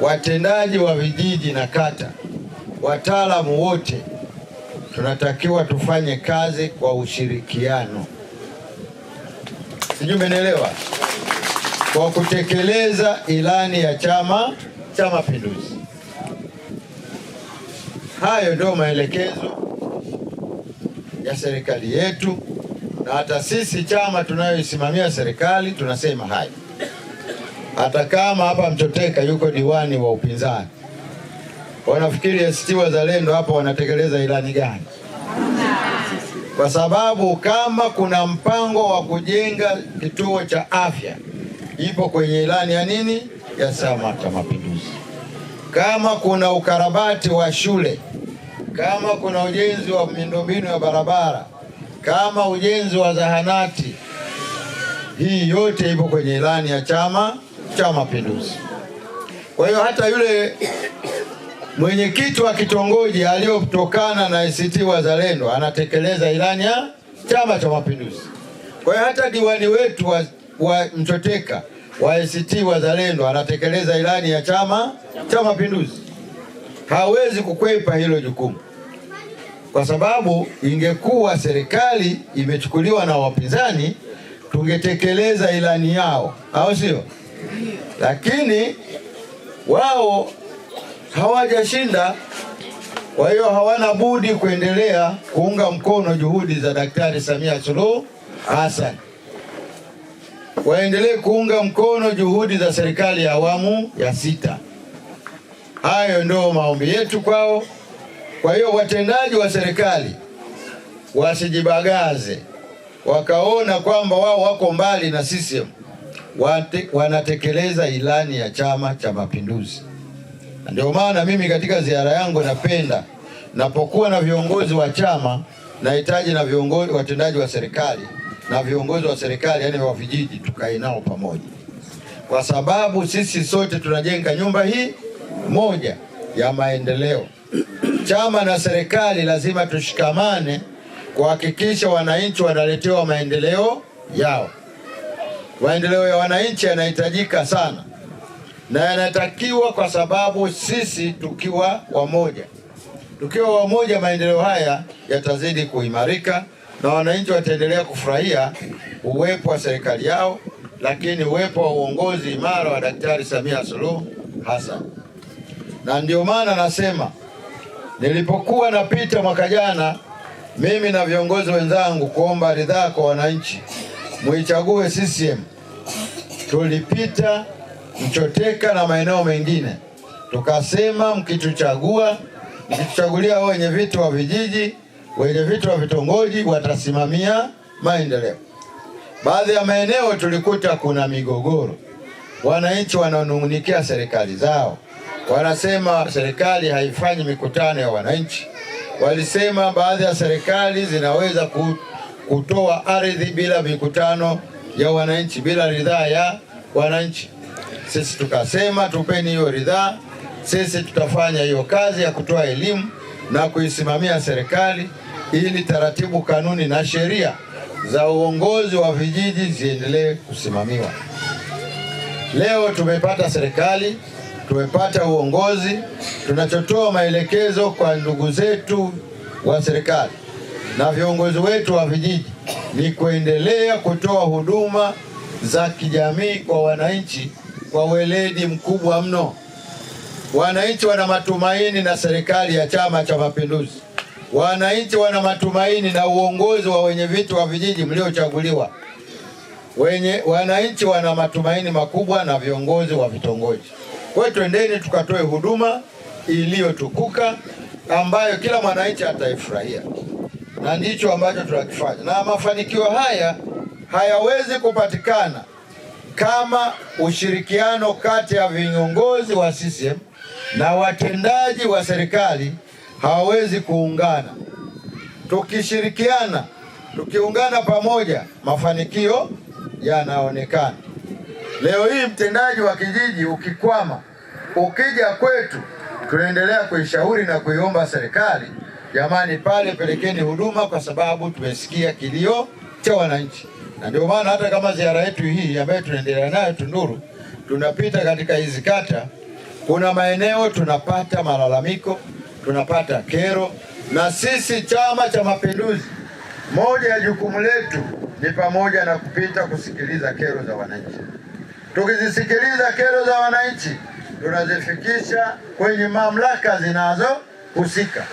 watendaji wa vijiji na kata, wataalamu wote tunatakiwa tufanye kazi kwa ushirikiano, sijui umenielewa, kwa kutekeleza ilani ya Chama cha Mapinduzi. Hayo ndio maelekezo ya serikali yetu, na hata sisi chama tunayoisimamia serikali tunasema hayo hata kama hapa Mchoteka yuko diwani wa upinzani. Wanafikiri ACT Wazalendo hapa wanatekeleza ilani gani? Kwa sababu kama kuna mpango wa kujenga kituo cha afya ipo kwenye ilani ya nini ya Chama cha Mapinduzi, kama kuna ukarabati wa shule, kama kuna ujenzi wa miundombinu ya barabara, kama ujenzi wa zahanati, hii yote ipo kwenye ilani ya chama cha Mapinduzi. Kwa hiyo hata yule mwenyekiti wa kitongoji aliyotokana na ACT Wazalendo anatekeleza ilani ya Chama cha Mapinduzi. Kwa hiyo hata diwani wetu wa, wa Mchoteka wa ACT Wazalendo anatekeleza ilani ya Chama cha Mapinduzi. Hawezi kukwepa hilo jukumu, kwa sababu ingekuwa serikali imechukuliwa na wapinzani, tungetekeleza ilani yao, au sio? lakini wao hawajashinda. Kwa hiyo hawana budi kuendelea kuunga mkono juhudi za Daktari Samia Suluhu Hassan, waendelee kuunga mkono juhudi za serikali ya awamu ya sita. Hayo ndio maombi yetu kwao. Kwa hiyo watendaji wa serikali wasijibagaze wakaona kwamba wao wako mbali na sisi wate, wanatekeleza ilani ya Chama cha Mapinduzi. Ndio maana mimi katika ziara yangu napenda napokuwa na viongozi wa chama nahitaji na viongozi watendaji wa serikali na viongozi wa serikali yani wa vijiji tukae nao pamoja, kwa sababu sisi sote tunajenga nyumba hii moja ya maendeleo. Chama na serikali lazima tushikamane kuhakikisha wananchi wanaletewa maendeleo yao maendeleo ya wananchi yanahitajika sana na yanatakiwa, kwa sababu sisi tukiwa wamoja, tukiwa wamoja, maendeleo haya yatazidi kuimarika na wananchi wataendelea kufurahia uwepo wa serikali yao, lakini uwepo wa uongozi imara wa Daktari Samia Suluhu Hassan. Na ndio maana nasema nilipokuwa napita mwaka jana, mimi na viongozi wenzangu kuomba ridhaa kwa wananchi muichague CCM. Tulipita Mchoteka na maeneo mengine tukasema, mkituchagua, mkituchagulia wenye viti wa vijiji, wenye viti wa vitongoji watasimamia maendeleo. Baadhi ya maeneo tulikuta kuna migogoro, wananchi wanaonungunikia serikali zao, wanasema serikali haifanyi mikutano ya wananchi. Walisema baadhi ya serikali zinaweza ku kutoa ardhi bila mikutano ya wananchi, bila ridhaa ya wananchi. Sisi tukasema tupeni hiyo ridhaa, sisi tutafanya hiyo kazi ya kutoa elimu na kuisimamia serikali ili taratibu, kanuni na sheria za uongozi wa vijiji ziendelee kusimamiwa. Leo tumepata serikali, tumepata uongozi, tunachotoa maelekezo kwa ndugu zetu wa serikali na viongozi wetu wa vijiji ni kuendelea kutoa huduma za kijamii kwa wananchi kwa weledi mkubwa mno. Wananchi wana matumaini na serikali ya Chama cha Mapinduzi. Wananchi wana matumaini na uongozi wa wenyeviti wa vijiji mliochaguliwa. Wenye wananchi wana matumaini makubwa na viongozi wa vitongoji. Kwa hiyo twendeni tukatoe huduma iliyotukuka ambayo kila mwananchi ataifurahia na ndicho ambacho tunakifanya, na mafanikio haya hayawezi kupatikana kama ushirikiano kati ya viongozi wa CCM na watendaji wa serikali hawawezi kuungana. Tukishirikiana, tukiungana pamoja, mafanikio yanaonekana. Leo hii mtendaji wa kijiji ukikwama, ukija kwetu, tunaendelea kuishauri na kuiomba serikali Jamani, pale pelekeni huduma, kwa sababu tumesikia kilio cha wananchi, na ndio maana hata kama ziara yetu hii ambayo tunaendelea nayo Tunduru, tunapita katika hizi kata, kuna maeneo tunapata malalamiko, tunapata kero, na sisi Chama cha Mapinduzi, moja ya jukumu letu ni pamoja na kupita kusikiliza kero za wananchi. Tukizisikiliza kero za wananchi, tunazifikisha kwenye mamlaka zinazohusika.